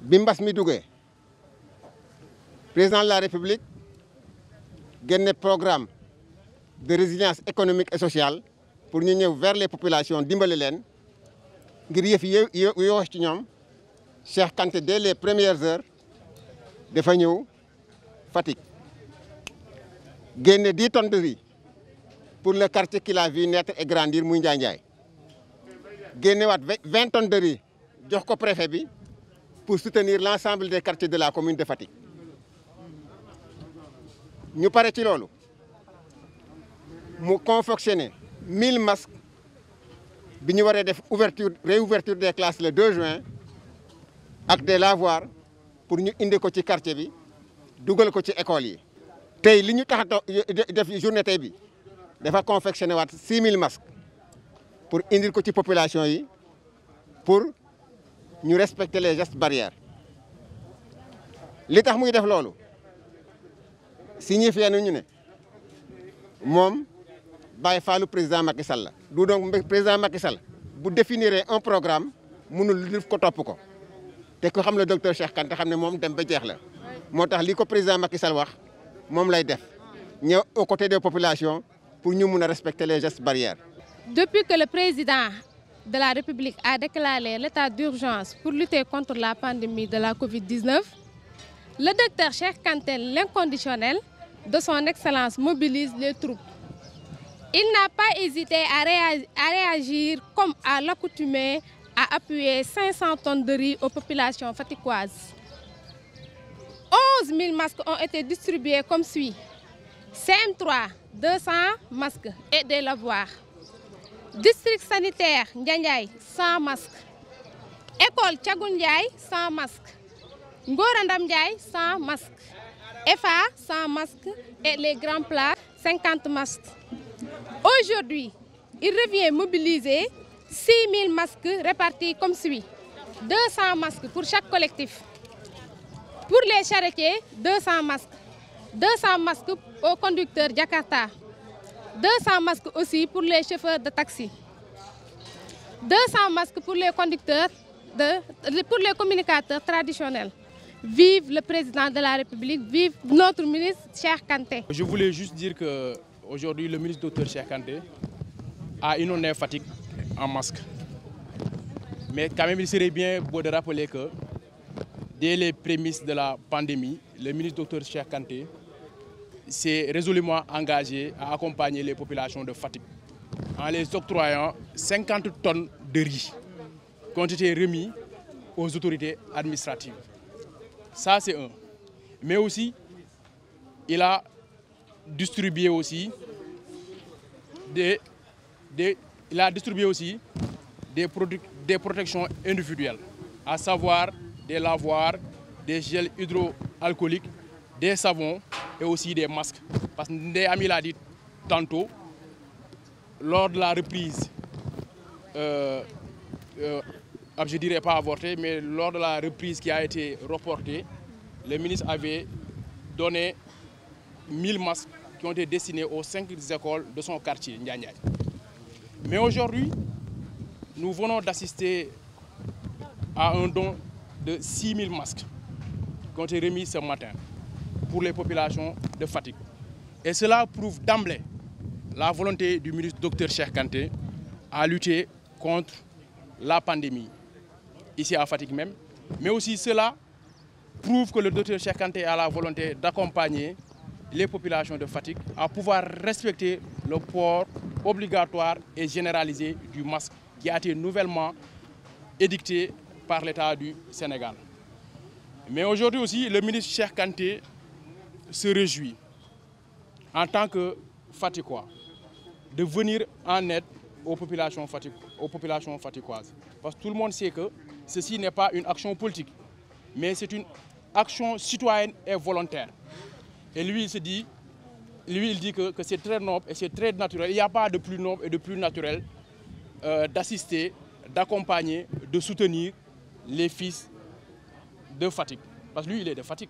Bimbas Midouge président de la république un programme de résilience économique et sociale pour nous ñëw vers les populations d'Imbalélen Grief ngir yëf dès les premières heures de fatigue 10 tonnes de vie pour le quartier qui a vu naître et grandir muy Il a tonnes de riz pour soutenir l'ensemble des quartiers de la commune de Nous ñu de ci Nous mu confectionné 1000 masques Nous avons réouverture des classes le 2 juin avec des lavoirs pour nous indiquer quartier et nous ko ci école yi journée dafa confectionné 6 000 masques pour indiquer ko population pour ñu respecter les gestes barrières li tax muy def loolu signifie nañu ne moom bàyyi faalu président Macky Sall la. du donc président Macky Sall bu définir un programme mënul le ko topp ko te ko xam docteur Cheikh Kanté xam ne moom dem ba jeex la président Macky Sall wax Il lay def ñëw aux côtés des populations pour nous respecter les gestes barrières. Depuis que le président de la République a déclaré l'état d'urgence pour lutter contre la pandémie de la COVID-19, le docteur Cheikh Kantel, l'inconditionnel de son excellence, mobilise les troupes. Il n'a pas hésité à réagir comme à l'accoutumée à appuyer 500 tonnes de riz aux populations faticoises. 11 000 masques ont été distribués comme suit. CM3, 200 masques et des lavoirs. District sanitaire, Ndiaye, 100 masques. École Tchagoun 100 masques. Ngorandam 100 masques. FA, 100 masques. Et les grands plats, 50 masques. Aujourd'hui, il revient mobiliser 6000 masques répartis comme suit. 200 masques pour chaque collectif. Pour les charretiers, 200 masques. 200 masques aux conducteurs Jakarta, 200 masques aussi pour les chauffeurs de taxi, 200 masques pour les conducteurs, pour les communicateurs traditionnels. Vive le président de la République, vive notre ministre Cheikh Kanté. Je voulais juste dire que aujourd'hui le ministre docteur Cheikh Kanté a une honneur fatigue en masque. Mais quand même, il serait bien beau de rappeler que dès les prémices de la pandémie, le ministre docteur Cheikh Kanté s'est résolument engagé à accompagner les populations de fatigue en les octroyant 50 tonnes de riz qui ont été remis aux autorités administratives. Ça, c'est un. Mais aussi, il a distribué aussi des, a distribué aussi des, des protections individuelles, à savoir des lavoirs, des gels hydroalcooliques, des savons et aussi des masques. Parce que Amil l'a dit tantôt, lors de la reprise, euh, euh, je ne dirais pas avortée, mais lors de la reprise qui a été reportée, le ministre avait donné 1000 masques qui ont été destinés aux 5 écoles de son quartier, Mais aujourd'hui, nous venons d'assister à un don de 6000 masques qui ont été remis ce matin pour les populations de fatigue. Et cela prouve d'emblée la volonté du ministre Dr Cheikh à lutter contre la pandémie, ici à Fatigue même. Mais aussi cela prouve que le Dr Cheikh Kanté a la volonté d'accompagner les populations de fatigue à pouvoir respecter le port obligatoire et généralisé du masque qui a été nouvellement édicté par l'État du Sénégal. Mais aujourd'hui aussi, le ministre Cheikh Kanté se réjouit en tant que Faticois de venir en aide aux populations, aux populations faticoises. Parce que tout le monde sait que ceci n'est pas une action politique, mais c'est une action citoyenne et volontaire. Et lui, il se dit, lui, il dit que, c'est très noble et c'est très naturel. Il n'y a pas de plus noble et de plus naturel euh, d'assister, d'accompagner, de soutenir les fils de fatigue. Parce que lui, il est de fatigue.